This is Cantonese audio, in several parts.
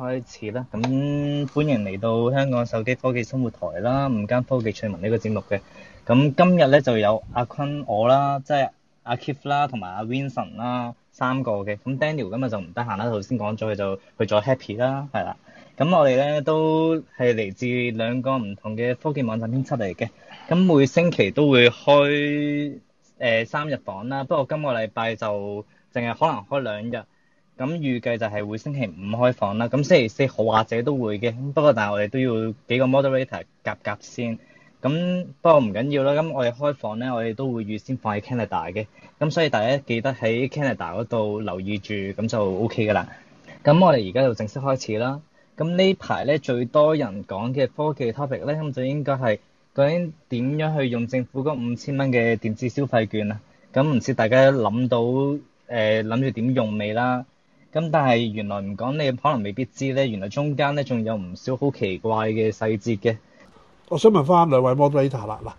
開始啦，咁歡迎嚟到香港手機科技生活台啦，午間科技趣聞呢個節目嘅。咁今日咧就有阿坤我啦，即係阿 Keith 啦，同埋阿 Winson 啦三個嘅。咁 Daniel 今日就唔得閒啦，頭先講咗佢就去咗 Happy 啦，係啦。咁我哋咧都係嚟自兩個唔同嘅科技網站編輯嚟嘅。咁每星期都會開誒、呃、三日房啦，不過今個禮拜就淨係可能開兩日。咁預計就係會星期五開房啦。咁星期四或者都會嘅，不過但係我哋都要幾個 moderator 夾夾先。咁不過唔緊要啦。咁我哋開房咧，我哋都會預先放喺 Canada 嘅。咁所以大家記得喺 Canada 嗰度留意住，咁就 OK 㗎啦。咁我哋而家就正式開始啦。咁呢排咧最多人講嘅科技 topic 咧，咁就應該係究竟點樣去用政府嗰五千蚊嘅電子消費券啊？咁唔知大家諗到誒諗住點用未啦？咁但係原來唔講你可能未必知咧，原來中間咧仲有唔少好奇怪嘅細節嘅。我想問翻兩位 moderator 啦，嗱，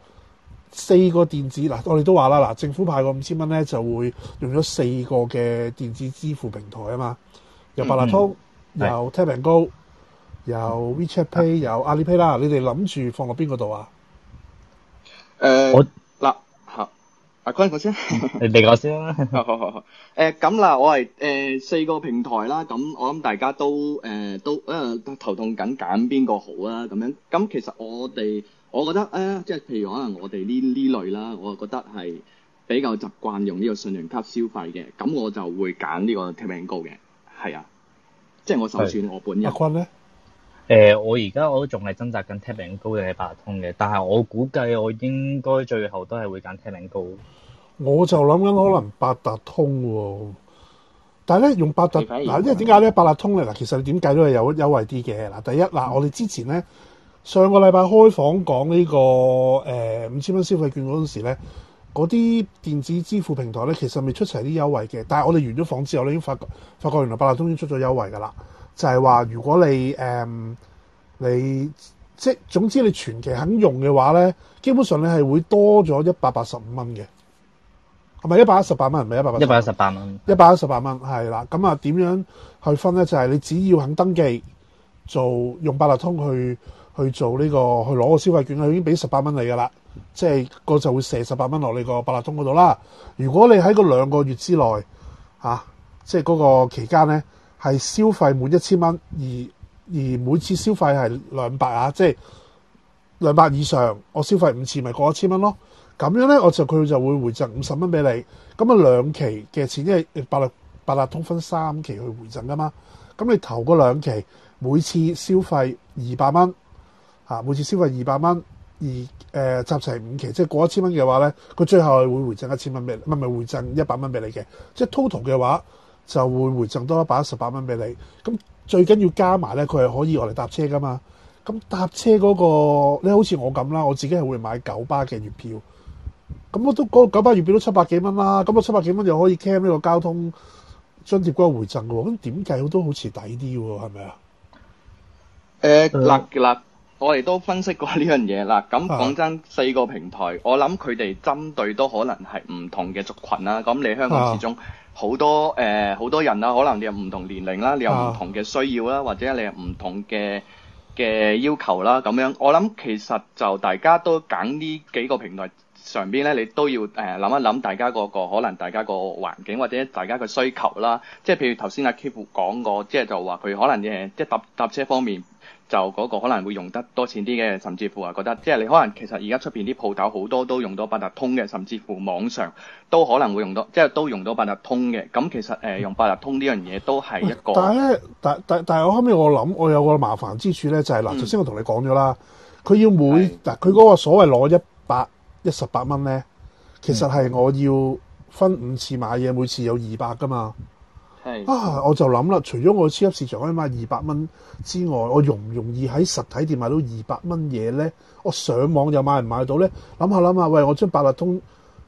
四個電子嗱，我哋都話啦，嗱，政府派個五千蚊咧，就會用咗四個嘅電子支付平台啊嘛，有八達通，有、嗯、TapAndGo，有 WeChat Pay，有阿里 pay 啦，你哋諗住放落邊個度啊？誒，我。阿坤我先， 你你我先啦， 好好好。誒、呃，咁啦我係誒、呃、四個平台啦，咁我諗大家都誒、呃、都誒、呃、頭痛緊揀邊個好啦，咁樣。咁其實我哋，我覺得誒，即、呃、係譬如可能我哋呢呢類啦，我覺得係比較習慣用呢個信用卡消費嘅，咁我就會揀呢個 Tap & Go 嘅，係啊，即、就、係、是、我首選我本人。阿坤咧？誒、呃，我而家我都仲係掙扎緊 Tap & Go 定係八達通嘅，但係我估計我應該最後都係會揀 Tap & Go。我就諗緊可能八達通喎、啊，嗯、但係咧，用八達嗱，因、啊、為點解咧？八達通嚟嗱，其實你點計都係有優惠啲嘅嗱。第一嗱，啊嗯、我哋之前咧上個禮拜開房講呢個誒五千蚊消費券嗰陣時咧，嗰啲電子支付平台咧，其實未出齊啲優惠嘅。但係我哋完咗房之後咧，已經發覺發覺原來八達通已經出咗優惠噶啦。就係話，如果你誒、嗯、你即總總之你全期肯用嘅話咧，基本上你係會多咗一百八十五蚊嘅，係咪一百一十八蚊？唔係一百八。一百一十八蚊。一百一十八蚊係啦。咁啊的，點樣，樣去分咧？就係、是、你只要肯登記做用八達通去去做呢、這個去攞個消費券，佢已經俾十八蚊你噶啦。嗯、即係個就會射十八蚊落你個八達通嗰度啦。如果你喺個兩個月之內啊即係嗰個期間咧。係消費滿一千蚊，而而每次消費係兩百啊，即係兩百以上，我消費五次咪過一千蚊咯。咁樣咧，我就佢就會回贈五十蚊俾你。咁啊兩期嘅錢，因為八達八達通分三期去回贈噶嘛。咁你頭嗰兩期，每次消費二百蚊，每次消費二百蚊，而誒、呃、集齊五期，即、就、係、是、過一千蚊嘅話咧，佢最後會回贈一千蚊俾你，唔係咪回贈一百蚊俾你嘅？即、就是、total 嘅話。就會回贈多一百一十八蚊俾你，咁最緊要加埋咧，佢係可以我哋搭車噶嘛？咁搭車嗰、那個你好似我咁啦，我自己係會買九巴嘅月票，咁我都九巴月票都七百幾蚊啦，咁我七百幾蚊又可以 c a 呢個交通津貼嗰個回贈喎。咁點計都好似抵啲喎，係咪啊？誒、呃，嗱嗱、嗯，我哋都分析過呢樣嘢啦，咁講真，廣四個平台，啊、我諗佢哋針對都可能係唔同嘅族群啦，咁你香港始終、啊。好多誒，好、呃、多人啦、啊，可能你有唔同年齡啦，你有唔同嘅需要啦，oh. 或者你有唔同嘅嘅要求啦，咁樣我諗其實就大家都揀呢幾個平台上邊咧，你都要誒諗、呃、一諗大家、嗰個個可能，大家個環境或者大家嘅需求啦，即係譬如頭先阿 Kip 哥講過，即係就話佢可能誒即係搭搭車方面。就嗰個可能會用得多錢啲嘅，甚至乎啊覺得，即係你可能其實而家出面啲鋪頭好多都用到八達通嘅，甚至乎網上都可能會用到，即係都用到八達通嘅。咁其實、呃、用八達通呢樣嘢都係一個。但係咧，但但但係我後屘我諗，我有個麻煩之處咧，就係、是、嗱，頭先我同你講咗啦，佢、嗯、要每嗱佢嗰個所謂攞一百一十八蚊咧，其實係我要分五次買嘢，每次有二百噶嘛。啊！我就諗啦，除咗我喺超級市場可以買二百蚊之外，我容唔容易喺實體店買到二百蚊嘢呢？我上網又買唔買到呢？諗下諗下，喂！我將八達通，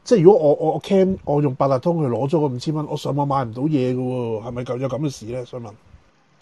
即係如果我我我 can，我用八達通去攞咗個五千蚊，我上網買唔到嘢㗎喎，係咪咁有咁嘅事呢？想問？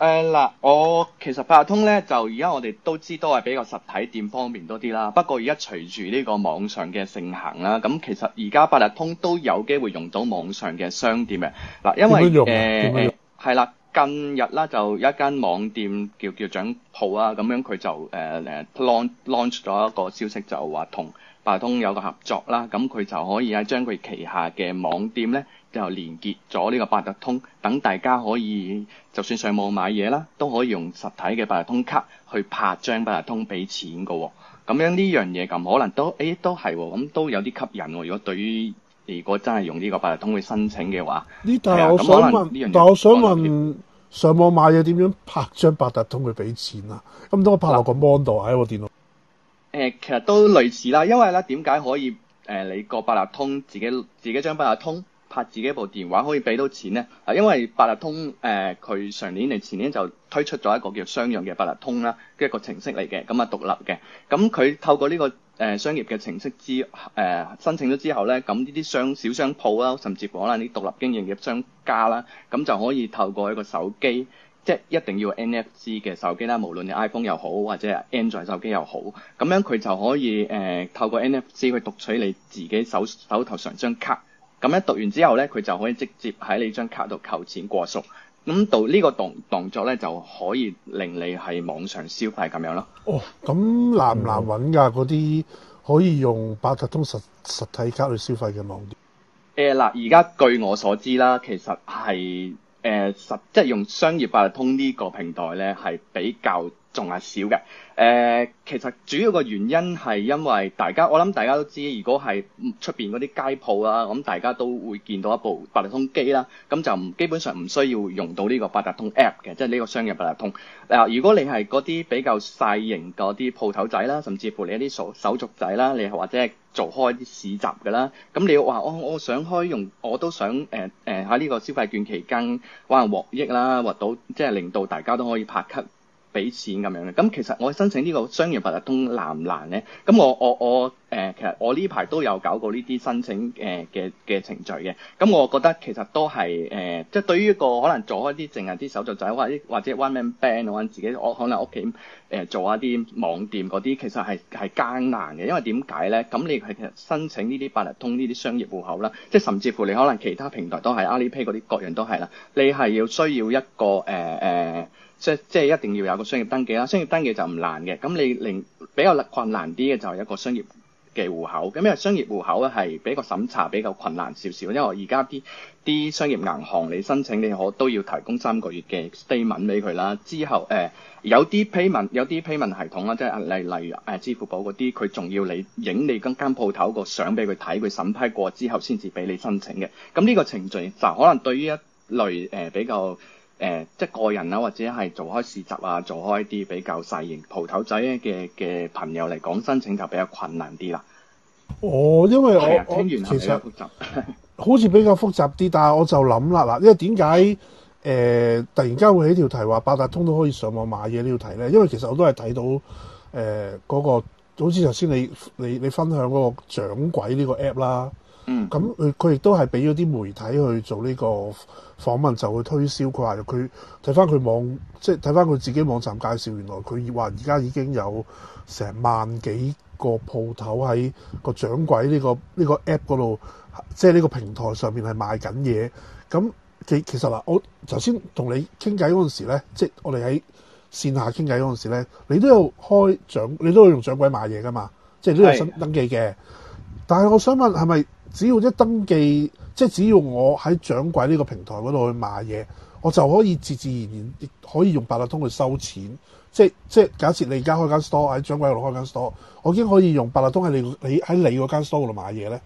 誒嗱，uh, 我其實八達通咧，就而家我哋都知都係比較實體店方便多啲啦。不過而家隨住呢個網上嘅盛行啦，咁其實而家八達通都有機會用到網上嘅商店嘅。嗱，因為誒係、呃、啦，近日啦就有一間網店叫叫掌鋪啊，咁樣佢就誒、呃、launch launch 咗一個消息就，就話同。八達通有個合作啦，咁佢就可以喺將佢旗下嘅網店咧就連結咗呢個八達通，等大家可以就算上網買嘢啦，都可以用實體嘅八達通卡去拍張八達通俾錢㗎喎、哦。咁樣呢樣嘢咁可能都，誒、欸、都係喎、哦，咁都有啲吸引喎、哦。如果對於如果真係用呢個八達通去申請嘅話，呢但我，、啊、我想問但我想問上網買嘢點樣拍張八達通去俾錢啊？咁都拍落個 mon 度喺部電腦。誒、呃，其實都類似啦，因為咧，點解可以誒、呃、你個八達通自己，自己張八達通拍自己部電話可以俾到錢咧？啊，因為八達通誒佢、呃、上年嚟、前年就推出咗一個叫商用嘅八達通啦，一個程式嚟嘅，咁啊，獨立嘅，咁佢透過呢、這個誒、呃、商業嘅程式之誒、呃、申請咗之後咧，咁呢啲商，小商鋪啦，甚至可能啲獨立經營嘅商家啦，咁就可以透過一個手機。即係一定要 NFC 嘅手機啦，無論你 iPhone 又好或者 Android 手機又好，咁樣佢就可以誒、呃、透過 NFC 去讀取你自己手手頭上張卡，咁樣讀完之後咧，佢就可以直接喺你張卡度扣錢過數，咁到呢個動動作咧就可以令你喺網上消費咁樣咯。哦，咁難唔難揾㗎？嗰啲、嗯、可以用八達通實實體卡去消費嘅網店？嗱、呃，而家據我所知啦，其實係。誒、呃，實際用商業八達通呢個平台咧，係比較。仲係少嘅、呃，其實主要個原因係因為大家，我諗大家都知，如果係出邊嗰啲街鋪啦，咁大家都會見到一部八達通機啦，咁就基本上唔需要用到呢個八達通 App 嘅，即係呢個商業八達通。嗱、呃，如果你係嗰啲比較細型嗰啲鋪頭仔啦，甚至乎一你一啲手手續仔啦，你或者係做開啲市集嘅啦，咁你話我我想開用，我都想誒誒喺呢個消費券期間可能獲益啦，獲到即係令到大家都可以拍卡。俾錢咁樣嘅，咁其實我申請呢個商業八達通難唔難咧？咁我我我。我我誒、呃，其實我呢排都有搞過呢啲申請誒嘅嘅程序嘅，咁、嗯、我覺得其實都係誒，即、呃、係、就是、對於一個可能做開啲淨係啲手續仔，或者或者 one man band，或者自己我可能屋企、呃、做一啲網店嗰啲，其實係係艱難嘅，因為點解咧？咁你係其實申請呢啲八達通呢啲商業戶口啦，即係甚至乎你可能其他平台都係阿里 pay 嗰啲，各樣都係啦，你係要需要一個誒、呃呃、即即一定要有個商業登記啦。商業登記就唔難嘅，咁你令比較難困難啲嘅就係一個商業。嘅戶口，咁因為商業戶口咧係比較審查比較困難少少，因為而家啲啲商業銀行你申請，你可都要提供三個月嘅 statement 俾佢啦。之後誒有啲批文，有啲批文系統啦，即係例例如誒、啊、支付寶嗰啲，佢仲要你影你嗰間鋪頭個相俾佢睇，佢審批過之後先至俾你申請嘅。咁、嗯、呢個程序就可能對於一類誒、呃、比較。誒、呃，即係個人啦，或者係做開市集啊，做開啲比較細型鋪頭仔嘅嘅朋友嚟講，申請就比較困難啲啦。哦，因為我、啊、我其實聽完複雜， 好似比較複雜啲，但係我就諗啦嗱，因為點解誒突然間會起條題話八達通都可以上網買嘢呢條題咧？因為其實我都係睇到誒嗰、呃那個，好似頭先你你你分享嗰個掌櫃呢個 app 啦，嗯，咁佢佢亦都係俾咗啲媒體去做呢、這個。訪問就會推銷，佢話佢睇翻佢網，即係睇翻佢自己網站介紹，原來佢話而家已經有成萬幾個鋪頭喺個掌櫃呢個呢個 app 嗰度，即係呢個平台上面係賣緊嘢。咁其其實嗱，我頭先同你傾偈嗰陣時咧，即係我哋喺線下傾偈嗰陣時咧，你都有開掌，你都有用掌櫃買嘢㗎嘛，即係都有登登記嘅。是但係我想問係咪只要一登記？即係只要我喺掌櫃呢個平台嗰度去買嘢，我就可以自自然然亦可以用八達通去收錢。即係即係，假設你而家開間 store 喺掌櫃度開間 store，我已經可以用八達通喺你你喺你嗰間 store 度買嘢咧。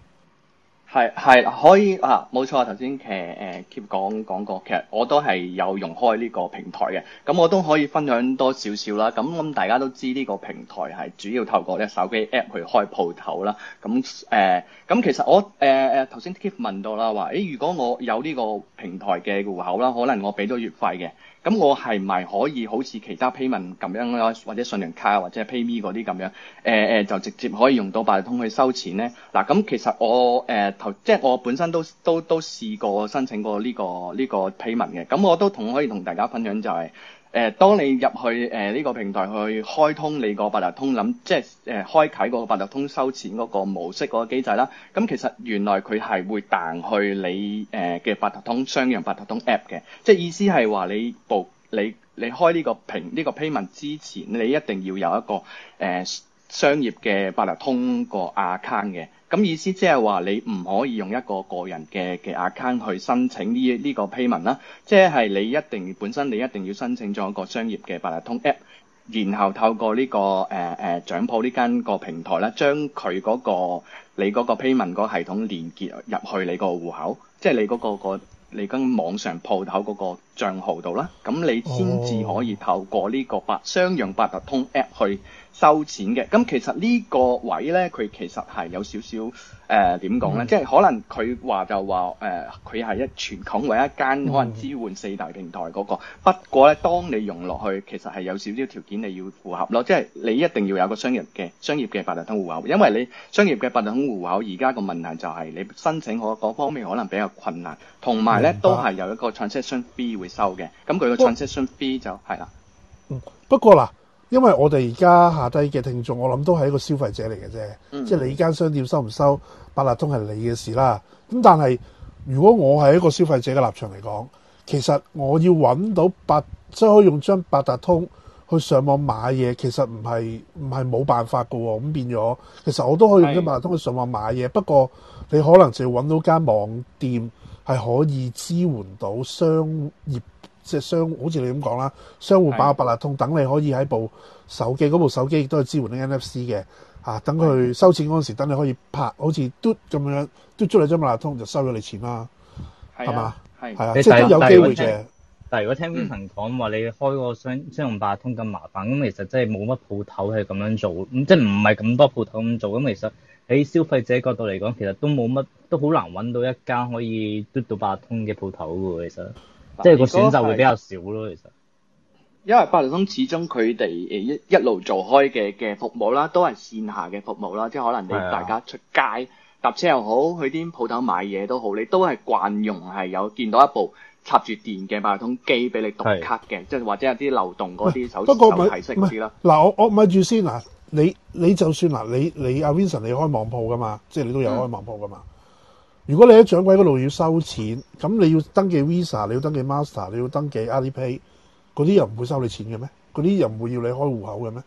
係係可以啊，冇錯啊！頭先誒 Keith 講、講過，其實我都係有用開呢個平台嘅，咁我都可以分享多少少啦。咁、咁大家都知呢個平台係主要透過呢手機 App 去開鋪頭啦。咁、誒咁其實我誒頭先 Keith 問到啦，話、欸、如果我有呢個平台嘅戶口啦，可能我俾咗月費嘅。咁我係咪可以好似其他 payment 咁樣咯？或者信用卡或者 PayMe 嗰啲咁樣，誒、呃、誒、呃，就直接可以用到八達通去收錢咧？嗱、啊，咁其實我誒頭、呃、即係我本身都都都試過申請過呢、這個呢、這個 payment 嘅，咁我都同可以同大家分享就係、是。誒，當你入去誒呢、呃呢個平台去開通你個八達通諗，即係誒、呃、開啓個八達通收錢嗰個模式嗰個機制啦。咁其實原來佢係會彈去你誒嘅八達通商業八達通 App 嘅，即係意思係話你部你你開呢個平呢個 payment 之前，你一定要有一個、呃、商業嘅八達通個 account 嘅。咁意思即係話你唔可以用一個個人嘅嘅 account 去申請呢呢個 payment 啦，即係你一定本身你一定要申請咗一個商業嘅八達通 app，然後透過呢個誒誒掌鋪呢間個平台啦，將佢嗰個你嗰個 payment 個系統連結入去你個戶口，即係你嗰個你跟網上鋪頭嗰個賬號度啦，咁你先至可以透過呢個商用八達通 app 去。收錢嘅，咁其實呢個位呢，佢其實係有少少誒點講呢？Mm hmm. 即係可能佢話就話誒，佢、呃、係一全球唯一一間可能支援四大平台嗰、那個。Mm hmm. 不過呢，當你用落去，其實係有少少條件你要符合咯，即係你一定要有個商業嘅商業嘅八達通戶口，因為你商業嘅八達通戶口而家個問題就係你申請可嗰方面可能比較困難，同埋呢都係有一個 transaction fee 會收嘅，咁佢個 transaction fee 就係啦。嗯，不過啦因為我哋而家下低嘅聽眾，我諗都係一個消費者嚟嘅啫，嗯、哼即係你間商店收唔收八達通係你嘅事啦。咁但係，如果我係一個消費者嘅立場嚟講，其實我要揾到八，即係可以用張八達通去上網買嘢，其實唔係唔係冇辦法㗎喎。咁變咗，其實我都可以用張八達通去上網買嘢。是不過你可能就要揾到間網店係可以支援到商業。即係好似你咁講啦，商戶爆個八達通，等你可以喺部手機，嗰部手機亦都係支援 NFC 嘅、啊、等佢收錢嗰時，等你可以拍好似嘟咁樣嘟出嚟，張八達通就收咗你錢啦，係嘛？係啊，即係都有機會嘅。但係如果聽 Vincent 講話，你開個商商用八達通咁麻煩，咁其實真係冇乜鋪頭係咁樣做，即係唔係咁多鋪頭咁做。咁其實喺消費者角度嚟講，其實都冇乜，都好難揾到一間可以嘟到八達通嘅鋪頭嘅喎，其實。即係個選擇會比較少咯，其實。因為八達通始終佢哋一一,一路做開嘅嘅服務啦，都係線下嘅服務啦，即係可能你大家出街搭是的 車又好，去啲舖頭買嘢都好，你都係慣用係有見到一部插住電嘅八達通機俾你讀卡嘅，是的 即係或者有啲流動嗰啲手、哎、手機識啲啦。嗱，我我咪住先嗱，你你就算嗱，你你阿、啊、Vincent 你開網鋪㗎嘛，即係你都有開網鋪㗎嘛？嗯如果你喺掌櫃嗰度要收錢，咁你要登記 Visa，你要登記 Master，你要登記 AliPay，嗰啲又唔會收你錢嘅咩？嗰啲又唔會要你開戶口嘅咩？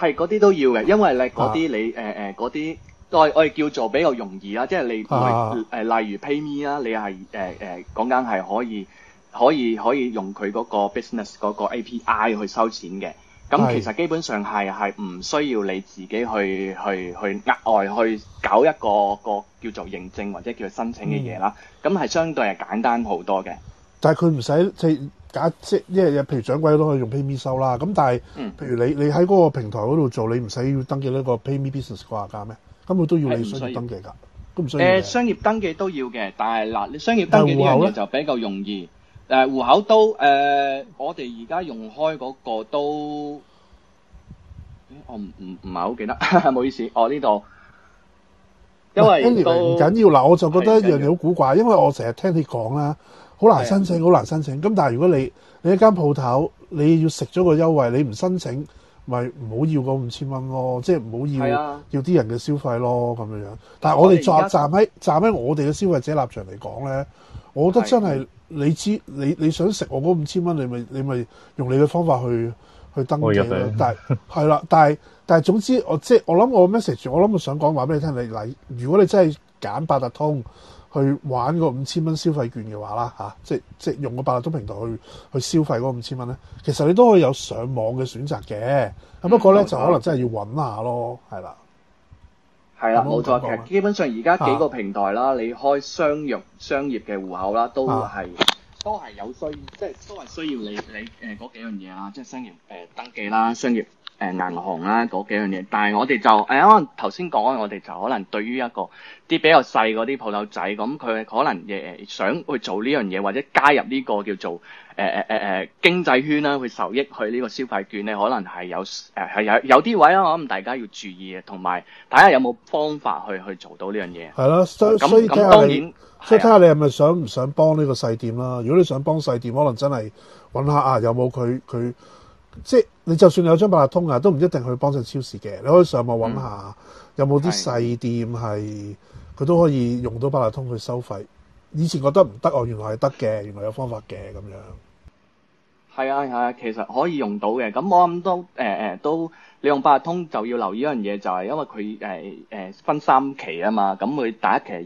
係嗰啲都要嘅，因為咧嗰啲你誒誒嗰啲，我我哋叫做比較容易啦，即係你誒、啊、例如 PayMe 啦，你係誒誒講緊係可以可以可以用佢嗰個 business 嗰個 API 去收錢嘅。咁其實基本上係係唔需要你自己去去去額外去搞一個一個叫做認證或者叫做申請嘅嘢啦，咁係、嗯、相對係簡單好多嘅。但係佢唔使即係假即係為譬如掌櫃都可以用 PayMe 收啦。咁但係，譬如你、嗯、你喺嗰個平台嗰度做，你唔使要登記呢個 PayMe Business 個下架咩？咁佢都要你商業登記㗎，咁唔需要。誒、呃、商業登記都要嘅，但係嗱，你商業登記呢樣嘢就比較容易。誒戶、呃、口都誒、呃，我哋而家用開嗰個都，欸、我唔唔唔係好記得，唔好意思。哦呢度，因為唔緊要嗱，我就覺得一樣嘢好古怪，因為我成日聽你講呀，好難申請，好難申請。咁的但係如果你你一間鋪頭，你要食咗個優惠，你唔申請。咪唔好要嗰五千蚊、就是是啊、咯，即係唔好要要啲人嘅消費咯咁樣樣。但係我哋站站喺站喺我哋嘅消費者立場嚟講咧，我覺得真係是的 你知你你想食我嗰五千蚊，你咪你咪用你嘅方法去去登記咯。但係係啦，但係但係總之我即係我諗我 message，我諗我想講話俾你聽係嗱，如果你真係揀八達通。去玩個五千蚊消費券嘅話啦，嚇、啊，即即用個八達通平台去去消費嗰五千蚊咧，其實你都可以有上網嘅選擇嘅，嗯、不過咧、嗯、就可能真係要揾下咯，係啦，係啦，冇錯嘅。基本上而家幾個平台啦，啊、你開商業商業嘅戶口啦，都係、啊、都係有需要，即都係需要你你誒嗰幾樣嘢啊，即商業誒、呃、登記啦，商業。誒、呃、銀行啦、啊、嗰幾樣嘢，但係我哋就誒可能頭先講嘅我哋就可能對於一個啲比較細嗰啲鋪頭仔，咁佢可能想去做呢樣嘢，或者加入呢個叫做誒誒誒誒經濟圈啦、啊，去受益去呢個消費券咧，可能係有誒、呃、有有啲位啦，我諗大家要注意嘅，同埋睇下有冇方法去去做到呢樣嘢。係咯、啊，咁咁當然，你啊、所以睇下你係咪想唔想幫呢個細店啦、啊？如果你想幫細店，可能真係揾下啊，有冇佢佢即係。你就算有張八達通啊，都唔一定去幫襯超市嘅。你可以上網揾下，嗯、有冇啲細店係佢都可以用到八達通去收費。以前覺得唔得哦，原來係得嘅，原來有方法嘅咁樣。係啊係啊，其實可以用到嘅。咁我咁都誒、呃、都，你用八達通就要留意一樣嘢，就係因為佢誒、呃呃、分三期啊嘛。咁、嗯、佢第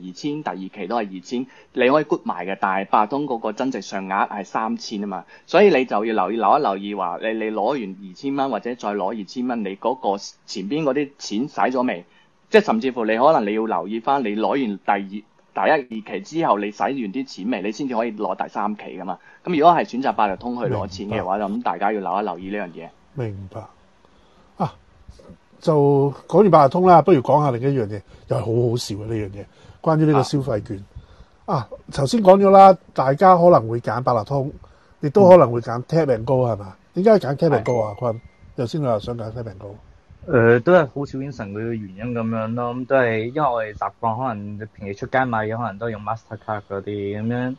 一期係二千，第二期都係二千，你可以 good 埋嘅。但係八達通嗰個增值上額係三千啊嘛，所以你就要留意留一留意話，你你攞完二千蚊或者再攞二千蚊，你嗰個前邊嗰啲錢使咗未？即係甚至乎你可能你要留意翻，你攞完第二。第一二期之後，你使完啲錢未，你先至可以攞第三期噶嘛。咁如果係選擇八達通去攞錢嘅話，咁白大家要留一留意呢樣嘢。明白。啊，就講完八達通啦，不如講下另一樣嘢，又係好好笑嘅呢樣嘢，關於呢個消費券。啊，啊，頭先講咗啦，大家可能會揀八達通，亦都可能會揀 TAP and GO 係嘛？點解揀 TAP and GO 啊、嗯？坤的，頭先我又想揀 TAP and GO。誒、呃、都係好少應承佢嘅原因咁樣咯，咁都係因為我哋習慣，可能平時出街買嘢，可能都用 Mastercard 嗰啲咁樣，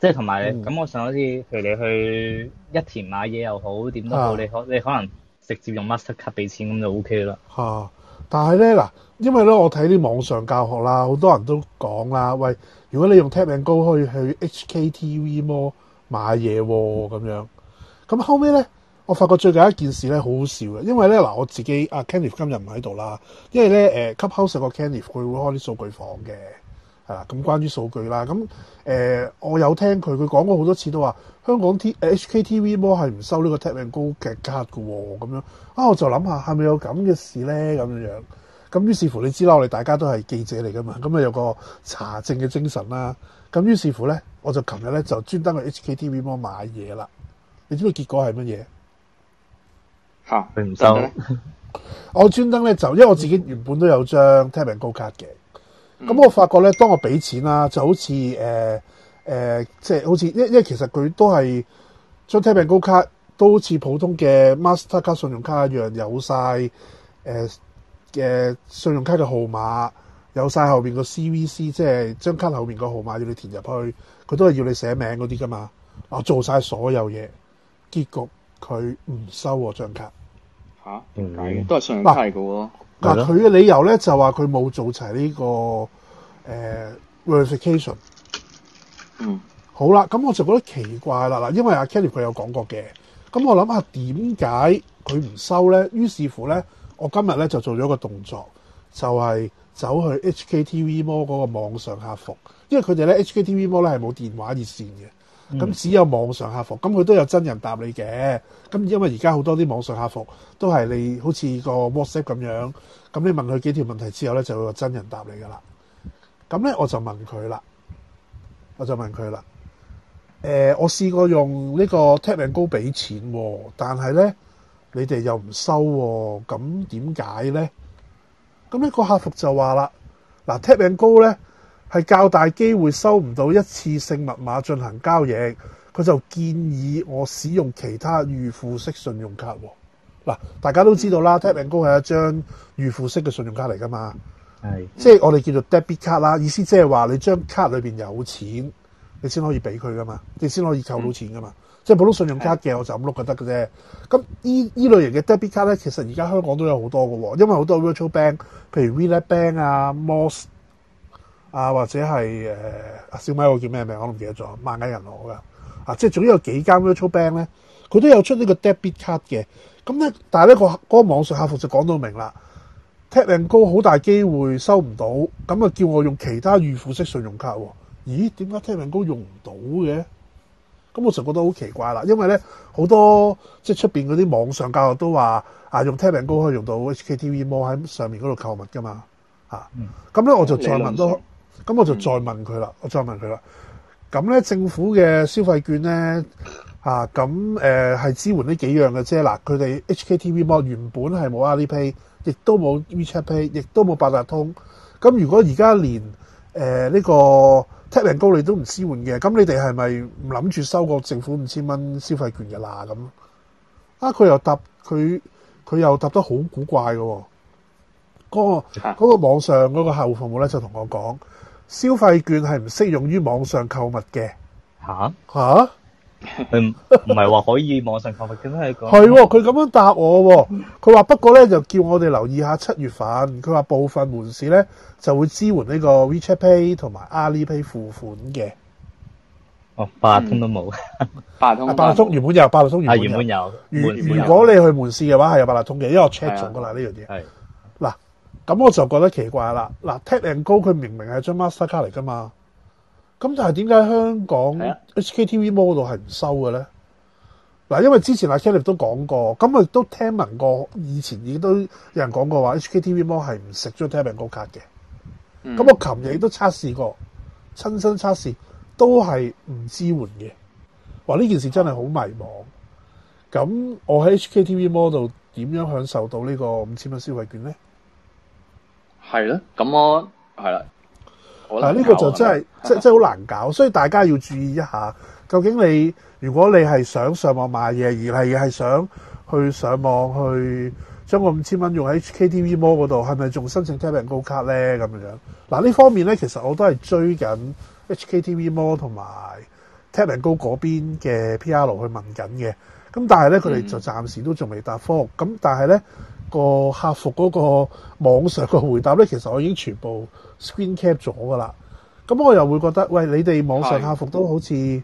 即係同埋咧咁我上一次譬如你去一田買嘢又好，點都好，啊、你可你可能直接用 Mastercard 俾錢咁就 OK 啦。吓。但係咧嗱，因為咧我睇啲網上教學啦，好多人都講啦，喂，如果你用 Tap and Go 可以去 HKTV mall 買嘢喎，咁樣咁後尾咧。我發覺最近一件事咧，好好笑嘅，因為咧嗱，我自己阿 Kenneth、啊、今日唔喺度啦，因為咧誒、呃、Clubhouse 個 Kenneth 佢會開啲數據房嘅係啦。咁、啊、關於數據啦，咁、嗯、誒、呃，我有聽佢佢講過好多次都，都話香港 T、呃、H K T V 摩係唔收呢個 tap and go 嘅卡嘅喎、哦，咁樣啊，我就諗下係咪有咁嘅事咧？咁樣咁於、啊、是乎你知啦，我哋大家都係記者嚟噶嘛，咁、嗯、啊有個查證嘅精神啦。咁、啊、於是乎咧，我就琴日咧就專登去 H K T V 摩買嘢啦。你知唔知結果係乜嘢？吓，啊、你唔收？ 我專登咧，就因為我自己原本都有張 Tap and Go 卡嘅，咁、嗯、我發覺咧，當我俾錢啦，就好似誒誒，即、呃、係、呃就是、好似，因因為其實佢都係張 Tap and Go 卡，都好似普通嘅 Master 卡信用卡一樣，有晒誒嘅信用卡嘅號碼，有晒後邊個 CVC，即係將卡後邊個號碼要你填入去，佢都係要你寫名嗰啲噶嘛，我、啊、做晒所有嘢，結局。佢唔收我張卡吓？點解、啊、都係信用卡喎？嗱的，佢嘅理由咧就話佢冇做齊呢、這個誒 verification。呃、Ver 嗯，好啦，咁我就覺得奇怪啦。嗱，因為阿 Kelly 佢有講過嘅，咁我諗下點解佢唔收咧？於是乎咧，我今日咧就做咗一個動作，就係、是、走去 HKTV Mall 嗰個網上客服，因為佢哋咧 HKTV m Mall 咧係冇電話熱線嘅。咁、嗯、只有網上客服，咁佢都有真人答你嘅。咁因為而家好多啲網上客服都係你好似個 WhatsApp 咁樣，咁你問佢幾條問題之後咧，就會有真人答你噶啦。咁咧我就問佢啦，我就問佢啦、呃。我試過用呢個 t a l e g r a m 高俾錢、哦，但係咧你哋又唔收、哦，咁點解咧？咁、那、呢個客服就話啦，嗱、啊、t a l e g r a m 高咧。係較大機會收唔到一次性密碼進行交易，佢就建議我使用其他預付式信用卡喎。嗱，大家都知道啦，Tappin 高係一張預付式嘅信用卡嚟噶嘛，嗯、即係我哋叫做 debit 卡啦。意思即係話你張卡裏面有錢，你先可以俾佢噶嘛，你先可以扣到錢噶嘛。嗯、即係普通信用卡嘅、嗯、我就咁碌就得㗎啫。咁依依類型嘅 debit 卡咧，其實而家香港都有好多㗎喎，因為好多 virtual bank，譬如 v l a b Bank 啊、Moss。啊或者係誒、啊、小米我叫咩名我唔記得咗，萬幾人攞㗎啊！即係總之有幾間 virtual bank 咧，佢都有出呢個 debit card 嘅。咁咧，但係咧、那個嗰、那個網上客服就講到明啦，Tang r o 好大機會收唔到，咁啊叫我用其他預付式信用卡喎。咦？點解 Tang r o 用唔到嘅？咁我就覺得好奇怪啦，因為咧好多即係出面嗰啲網上教育都話啊用 Tang r o 可以用到 HKTV 摩喺上面嗰度購物㗎嘛嚇。咁、啊、咧我就再問到、嗯嗯、多。咁我就再問佢啦，我再問佢啦。咁咧，政府嘅消費券咧，啊，咁誒係支援呢幾樣嘅啫。嗱，佢哋 HKTVmall 原本係冇 Alipay，亦都冇 WeChat Pay，亦都冇八達通。咁、啊、如果而家連誒呢、呃呢個 tap and go 你都唔支援嘅，咁你哋係咪唔諗住收個政府五千蚊消費券嘅啦？咁啊，佢又答佢，佢又答得好古怪嘅。喎、嗰個。嗰、嗰個網上嗰個客戶服務咧就同我講。消費券係唔適用於網上購物嘅，啊，吓吓，啊，唔係話可以網上購物嘅咩？係佢咁樣答我，佢話 不過咧就叫我哋留意下七月份，佢話部分門市咧就會支援呢個 WeChat Pay 同埋 Ali Pay 付款嘅。哦，八達通都冇，八達，嗯，通，八達通原本有，八達通原本有。有如果你去門市嘅話係有八達通嘅，因為我 check 咗㗎喇呢樣嘢。咁我就覺得奇怪啦。嗱，Tap and Go 佢明明係張 Master 卡嚟㗎嘛，咁但係點解香港 HKTV Mall 係唔收嘅咧？嗱，因為之前阿 Kelly 都講過，咁我亦都聽聞過，以前亦都有人講過話 HKTV Mall 係唔食咗 Tap and Go 卡嘅。咁、嗯、我琴日亦都測試過，親身測試都係唔支援嘅。哇！呢件事真係好迷茫。咁我喺 HKTV Mall 點樣享受到呢個五千蚊消費券咧？係咯，咁我係啦，嗱呢、啊，這個就真係， 即係真係好難搞，所以大家要注意一下，究竟你如果你係想上網買嘢，而係係想去上網去將個五千蚊用喺 HKTV Mall 嗰度，係咪仲申請 Tap and Go 卡咧？咁樣嗱呢、啊、方面咧，其實我都係追緊 HKTV Mall 同埋 Tap and Go 嗰邊嘅 P R 去問緊嘅，咁但係咧佢哋就暫時都仲未答覆，咁但係咧。個客服嗰個網上個回答咧，其實我已經全部 screen cap 咗噶啦。咁我又會覺得，喂，你哋網上客服都好似即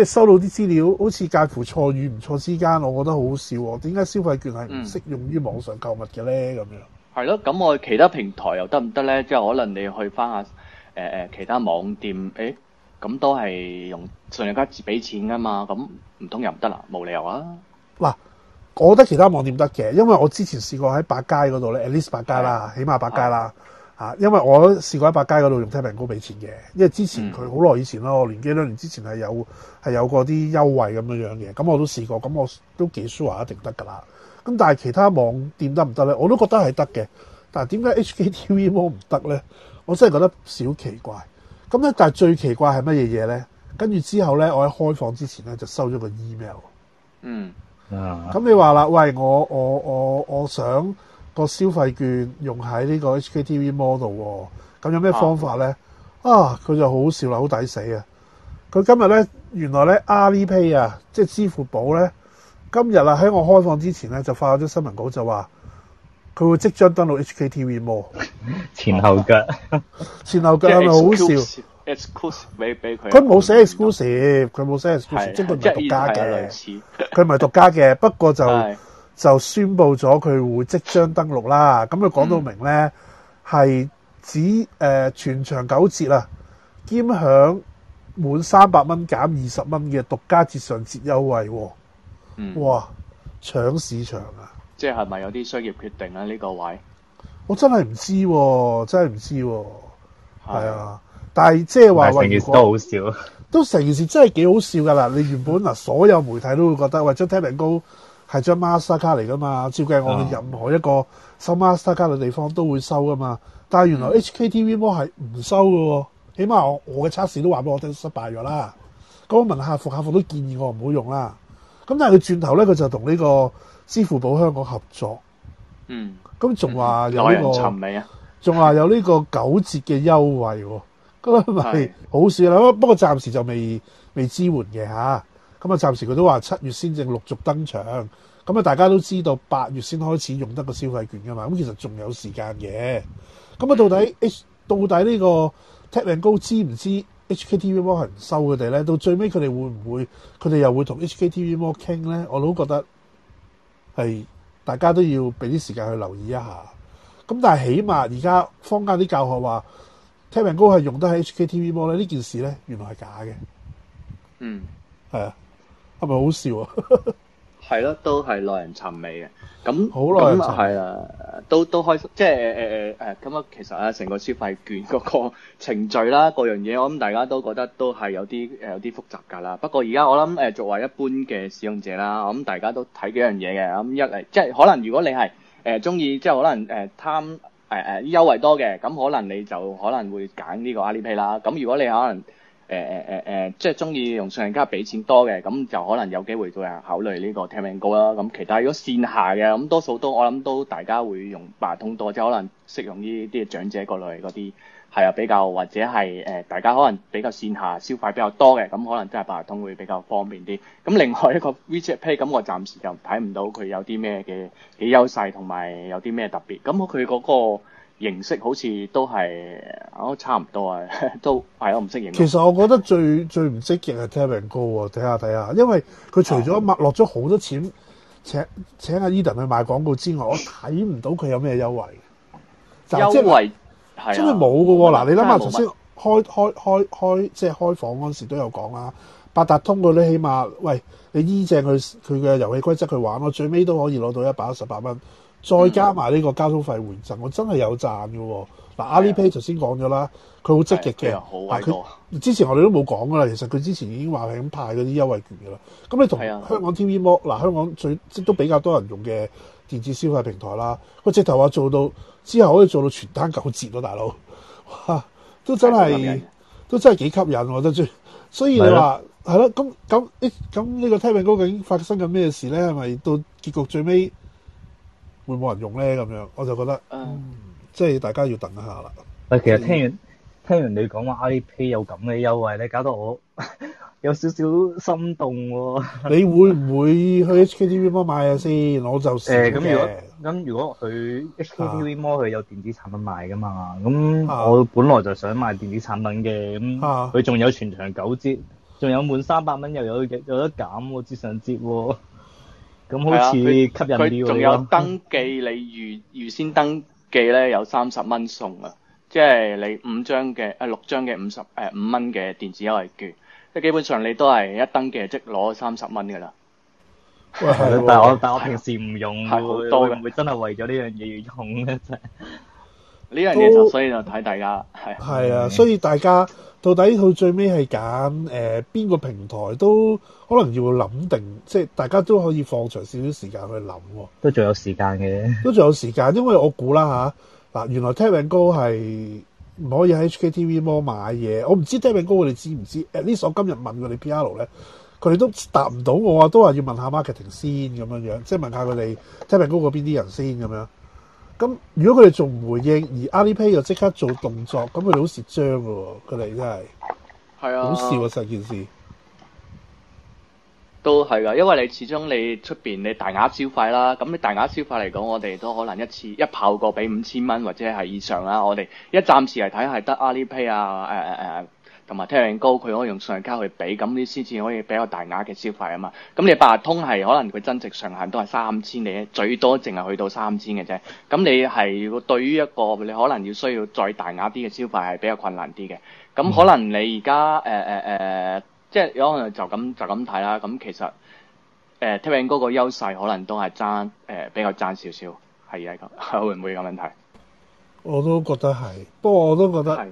係收到啲資料，好似介乎錯與唔錯之間，我覺得好好笑喎。點解消費券係唔適用於網上購物嘅咧？咁樣係咯，咁我其他平台又得唔得咧？即係可能你去翻下誒、呃、其他網店，誒、欸、咁都係用信用卡俾錢噶嘛。咁唔通又唔得啦？冇理由啊！嗱、啊。我覺得其他網店得嘅，因為我之前試過喺百佳嗰度咧，at least 百佳啦，起碼百佳啦嚇，因為我試過喺百佳嗰度用 Tap & Go 俾錢嘅，因為之前佢好耐以前啦，我年幾兩年之前係有係有過啲優惠咁樣嘅，咁我都試過，咁我都幾 sure 一定得㗎啦。咁但係其他網店得唔得咧？我都覺得係得嘅，但係點解 HKTV mall 唔得咧？我真係覺得少奇怪。咁咧，但係最奇怪係乜嘢嘢咧？跟住之後咧，我喺開放之前咧就收咗個 email。嗯。咁你話啦，喂，我我我我想個消費券用喺呢個 HKTV Mall 喎，咁有咩方法呢？啊，佢、啊、就好笑啦，好抵死啊！佢今日呢，原來呢，RV、e、pay 啊，即係支付寶呢，今日啊喺我開放之前呢，就發咗新聞稿就話，佢會即將登陸 HKTV Mall。前後腳， 前後腳係咪好笑？exclusive 俾俾佢，佢冇寫 exclusive，佢冇寫 exclusive，即佢唔係獨家嘅。佢唔係獨家嘅， 不過就的就宣佈咗佢會即將登陸啦。咁佢講到明咧，係指誒全場九折啊，兼享滿三百蚊減二十蚊嘅獨家折上折優惠。喎。哇，搶、嗯、市場啊！即係係咪有啲商業決定咧、啊？呢、這個位我真係唔知、啊，真係唔知係啊。的係即係話，成件事都好笑，都成件事真係幾好笑噶啦！你原本嗱，所有媒體都會覺得，喂、哎，張 Taming 高係張 Master 卡嚟噶嘛？照計我任何一個收 Master 卡嘅地方都會收噶嘛？但係原來 HKTV 摩係唔收噶，起碼我我嘅測試都話俾我聽失敗咗啦。咁我問客服，客服都建議我唔好用啦。咁但係佢轉頭咧，佢就同呢個支付寶香港合作。嗯，咁仲話有呢個，仲話有呢個九折嘅優惠。咁好事啦， 是 不過暫時就未未支援嘅吓。咁啊，暫、嗯、時佢都話七月先正陸續登場。咁、嗯、啊，大家都知道八月先開始用得個消費券噶嘛。咁、嗯、其實仲有時間嘅。咁、嗯、啊，嗯嗯、到底 H 到底個知知 H 呢個 Tap & Go 知唔知 HKTVmall 係唔收佢哋咧？到最尾佢哋會唔會佢哋又會同 HKTVmall 傾咧？我都覺得係大家都要俾啲時間去留意一下。咁、嗯、但係起碼而家坊間啲教學話。太平糕係用得喺 HKTV 播咧？呢件事咧，原來係假嘅。嗯，係啊，係咪好笑啊？係 咯，都係耐人尋味嘅。咁好耐，係啊，都都開心。即係誒誒誒，咁、呃、啊，其實咧，成個消費券嗰個程序啦， 各樣嘢，我諗大家都覺得都係有啲誒有啲複雜㗎啦。不過而家我諗誒，作為一般嘅使用者啦，我諗大家都睇幾樣嘢嘅。咁一嚟，即係可能如果你係誒中意，即係可能誒、呃、貪。誒誒、啊啊、優惠多嘅，咁、嗯、可能你就可能會揀呢個 Alipay 啦。咁、嗯、如果你可能誒誒誒誒，即係中意用信用卡俾錢多嘅，咁、嗯、就可能有機會再考慮呢個 Tap & Go 啦。咁、嗯、其他如果線下嘅，咁、嗯、多數都我諗都大家會用八達通多，即可能適用於啲長者嗰類嗰啲。係啊，比較或者係誒、呃，大家可能比較線下消費比較多嘅，咁、嗯、可能真係八達通會比較方便啲。咁、嗯、另外一個 WeChat Pay，咁、嗯、我暫時就睇唔到佢有啲咩嘅幾優勢同埋有啲咩特別。咁佢嗰個形式好似都係都、哦、差唔多啊，都係、嗯、我唔適應。其實我覺得最、嗯、最唔適應係 Tap & Go 喎，睇下睇下，因為佢除咗麥落咗好多錢請請阿、e、Eden 去賣廣告之外，我睇唔到佢有咩優惠。就是、優惠。真係冇㗎喎！嗱，你諗下，頭先開開，開，開即係開房嗰陣時都有講啦，八達通佢啲起碼，喂，你依正佢佢嘅遊戲規則去玩，我最尾都可以攞到一百一十八蚊，再加埋呢個交通費回贈，嗯、我真係有賺㗎喎！嗱，Alipay 頭先講咗啦，佢好、啊、的積極嘅，但佢之前我哋都冇講噶啦，其實佢之前已經話係咁派嗰啲優惠券嘅啦。咁你同香港 HKTVmall 嗱，嗯、香港最即都比較多人用嘅電子消費平台啦，佢直頭話做到。之後可以做到全單九折咯，大佬，都真係都真係幾吸引、啊，我都知。所以你話係咯，咁咁了，誒，咁呢、欸、個 Tap & Go 究竟發生緊咩事咧？係咪到結局最尾會冇人用咧？咁樣，我就覺得，嗯，嗯，即係大家要等一下啦。誒，其實聽完以聽完你講話 IP 有咁嘅優惠咧，你搞到我。有少少心動喎、啊，你會唔會去 H K T V 魔買啊？先， 我就誒咁、欸。如果咁，如果去 H K T V 魔，佢有電子產品賣噶嘛？咁、啊、我本來就想買電子產品嘅。咁佢仲有全場九折，仲有滿三百蚊又有得有得減喎，折上折喎、啊。咁好似、啊、吸引啲喎、啊。仲有登記、嗯、你預預先登記咧，有三十蚊送啊！即係你五張嘅六張嘅五十五蚊嘅電子優惠券。即基本上你都係一登記即攞三十蚊噶啦。喂 但係我的但係我平時唔用，多唔的會，會真係為咗呢樣嘢要用咧？呢 樣嘢就都所以就睇大家係。係啊的，嗯、所以大家到底到最尾係揀誒邊個平台都可能要諗定，即、就、係、是、大家都可以放長少少時間去諗、哦。都仲有時間嘅，都仲有時間，因為我估啦吓嗱，原來 Tap and Go 係。唔可以喺 HKTV Mall 買嘢，我唔知 Tapping 哥佢哋知唔知 ？At least 我今日問佢哋 PR 咧，佢哋都答唔到我啊，都話要問下 marketing 先咁樣樣，即係問下佢哋 Tapping 哥嗰邊啲人先咁樣。咁如果佢哋仲唔回應，而 AliPay 又即刻做動作，咁佢哋好蝕張喎！佢哋真係，係啊，好笑啊成件事。都係噶，因為你始終你出面你大額消費啦，咁你大額消費嚟講，我哋都可能一次一炮過俾五千蚊或者係以上啦。我哋一暫時嚟睇係得 Alipay 啊，誒誒，同埋 Tap & Go 佢可以用信用卡去俾，咁你先至可以比較大額嘅消費啊嘛。咁你八達通係可能佢增值上限都係三千，你最多淨係去到三千嘅啫。咁你係對於一個你可能要需要再大額啲嘅消費係比較困難啲嘅。咁可能你而家誒誒即係有可能就咁就咁睇啦，咁其實誒 Twin 個優勢可能都係爭誒比較爭少少，係啊，會唔會咁樣睇？我都覺得係，不過我都覺得誒的、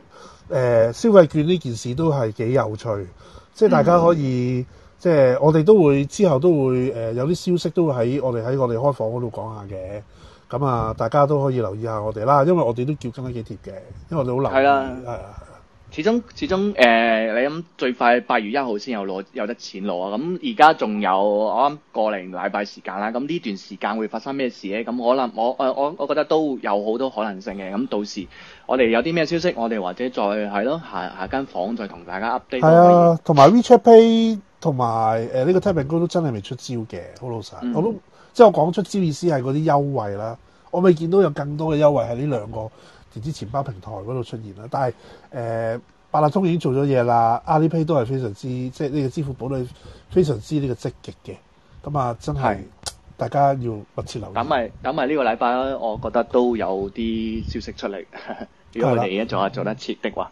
呃、消費券呢件事都係幾有趣，即係大家可以、嗯、即係我哋都會之後都會誒、呃、有啲消息都會喺我哋喺我哋開房嗰度講下嘅，咁啊大家都可以留意下我哋啦，因為我哋都叫跟得幾貼嘅，因為我哋好留意。係啦，係啊。始終始終誒、呃，你諗最快八月一號先有攞、有得錢攞啊！咁而家仲有我啱過零禮拜時間啦，咁呢段時間會發生咩事咧？咁可能我誒我我覺得都有好多可能性嘅。咁到時我哋有啲咩消息，我哋或者再係咯下下間房再同大家 update。係啊，同埋 WeChat Pay 同埋誒呢個 t o p i n g 哥都真係未出招嘅，好老實。嗯、我都即係我講出招意思係嗰啲優惠啦，我未見到有更多嘅優惠係呢兩個自子錢包平台嗰度出現啦，但係誒，百、呃、立通已經做咗嘢啦，阿里 Pay 都係非常之即係，呢個支付寶都係非常之呢個積極嘅，咁啊真係大家要密切留意。等埋等埋呢個禮拜，我覺得都有啲消息出嚟，如果我哋而家做啊做得徹的話。